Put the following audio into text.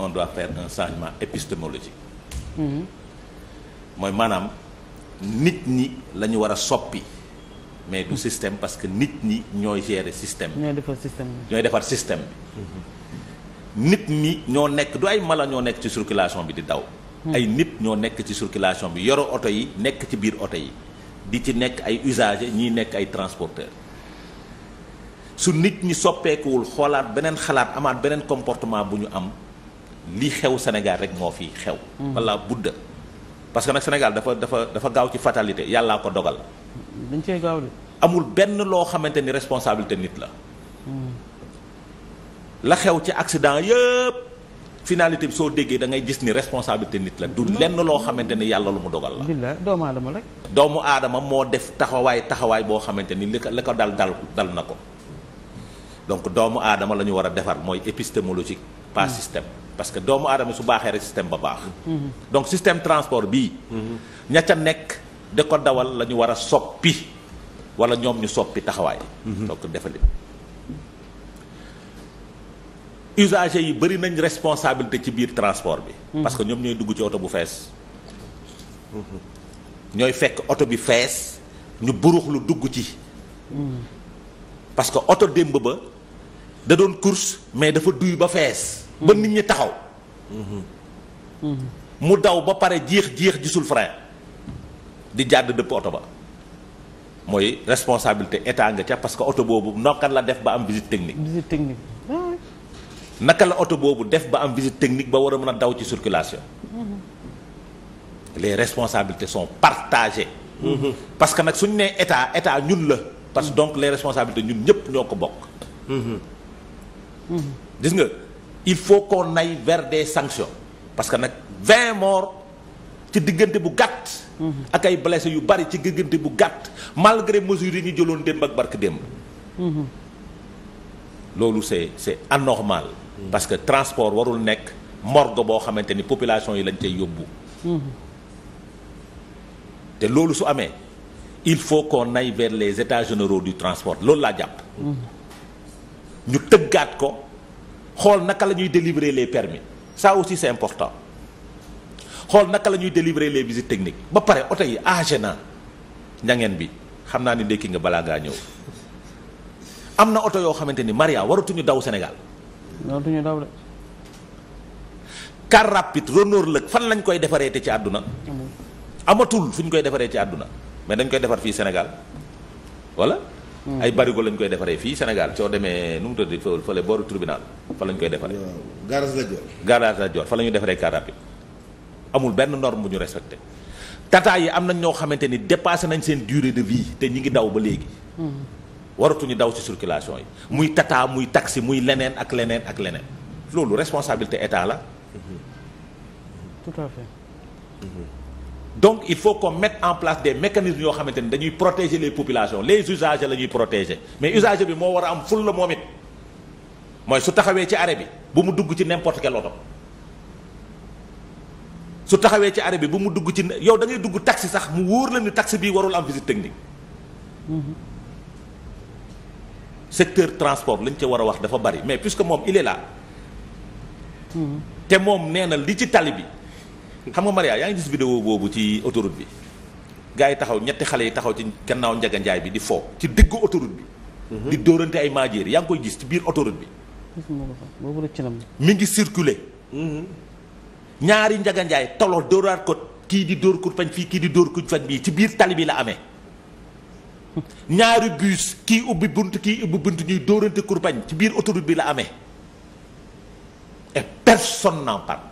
on doit faire un changement épistémologique. Mhm. mooy maanaam nit ñi lañu ñu war a soppi. mais du système parce que nit ñi ñooy gérer système ñooy defar système bi ñooy defar système mhm. nit ñi ñoo nekk du ay mala ñoo nekk ci circulation bi di daw. Mhm. ay nit ñoo nekk ci circulation bi yoro oto yi nekk ci biir oto yi di ci nekk ay usagers ñiy nekk ay transporteurs. su nit ñi soppeekuwul xoolaat beneen xalaat amaat beneen comportement bu ñu am li xew Sénégal rek moo fi xew. Hmm. wala budda parce que nag Sénégal dafa dafa dafa gaaw ci fatalité yàllaa ko dogal. dañ cee gaaw de. amul benn loo xamante ni responsabilité la. Hmm. la xew ci accident yëpp finalité bi soo déggee da ngay ni responsabilité nit la du lenn loo xamante ni yàlla lu mu dogal la. billaay doomu aadama rek. doomu aadama moo def taxawaay taxawaay boo xamante ni li ko dal dal dal na ko donc doomu aadama la war a defar mooy épistémologique. pas hmm. système. parce que doomu aadama su baaxee rek système ba baax. donc système transport bii. ña ca nekk da ko dawal lañu ñu war a soppi wala ñoom ñu soppi taxawaay. donc defali usagers yi bëri nañ responsabilité ci biir transport bi. parce que ñoom ñooy dugg ci oto bu fees. ñooy fekk oto bi fees ñu burux lu dugg ci. parce oto démb ba da doon course mais dafa duy ba fees. ba nit ñi taxaw. mu daw ba pare jiix jiix gisul frein di jàdd dëpp oto ba mooy responsabilité état nga ca parce que oto boobu nokkan la def ba am visite technique. visite technique naka la oto boobu def ba am visite technique ba war a mën a daw ci circulation. les responsabilités sont partagées. parce que nag suñ nee état état ñun la. parce que donc les responsabilités ñun ñëpp ñoo ko bokk. gis nga. il faut qu'on nay vers des sanctions parce que nag 20 morts ci diggante bu gàtt. Mhm. ak ay blessés yu bari ci diggante bu gàtt malgré mesures yi ñu jëloon démb ak barke démb. Mhm. loolu c'est c'est anormal. Mhm. parce que transport warul nekk morgo boo xamante ni population yi lañ cay yóbbu. te loolu su amee il faut qu'on nay vers les états généraux du transport loolu laa jàpp. ñu tëggaat ko. xool naka la ñuy délivrer les permis ça aussi c'est important xool naka la ñuy délivrer les visites techniques ba pare oto yi âgé ah, na ñangeen bi xam naa ni ndekki nga balaa ngaa ñëw am na oto yoo xamante ni Maria waratuñu daw Sénégal. waratuñu daw de. car rapide Renault lëg fan lañ koy defaree te ci àdduna. amatul fu ñu koy defaree ci àdduna mais dañ koy defar fii Sénégal wala. Hmm. ay barigo lañ koy defaree fii Sénégal soo demee nu mu tëdd fële fële booru fa lañ koy defaree. garage la joor. garage la joor fa la defaree car rapide amul benn norme bu ñu respecté tata yi am nañ ñoo xamante ni dépassé nañ seen dure de vie te ñi ngi daw ba léegi. Hmm. waratuñu daw ci circulation yi muy tata muy taxi muy leneen ak leneen ak leneen loolu responsabilité état la. donc il faut qu'on mette en place des mécanismes yoo xamante ni dañuy protéger les populations les usagers la ñuy protéger mais usager bi moo war a am ful la moom it mooy su taxawee ci arrêt bi bu mu dugg ci n'importe quel oto taxawee ci arrêt bi bu mu dugg ci yow da ngay dugg taxi sax mu wóor la ni taxi bii warul am visite technique mm-hmm. secteur transport lañ ca war a wax dafa bari mais que moom il est mm-hmm. te moom nee na li ci tali bi xam nga Maria yaa ngi gis vidéo boobu ci autoroute bi gars yi taxaw ñetti xale yi taxaw ci gannaaw Njaga Njaay bi di fo ci diggu autoroute bi. Mhm. di dóorante ay maajeer yaa ngi koy gis ci biir autoroute bi. mu ngi circuler. Mhm. ñaari Njaga Njaay toloo dóoraat ko kii di dóor kurpañ fii kii di dóor kurpañ bii ci biir tali bi la amee. ñaari bus kii ubbi bunt kii ubbi bunt ñuy dóorante kurpañ ci biir autoroute bi la amee. et personne n'en parle.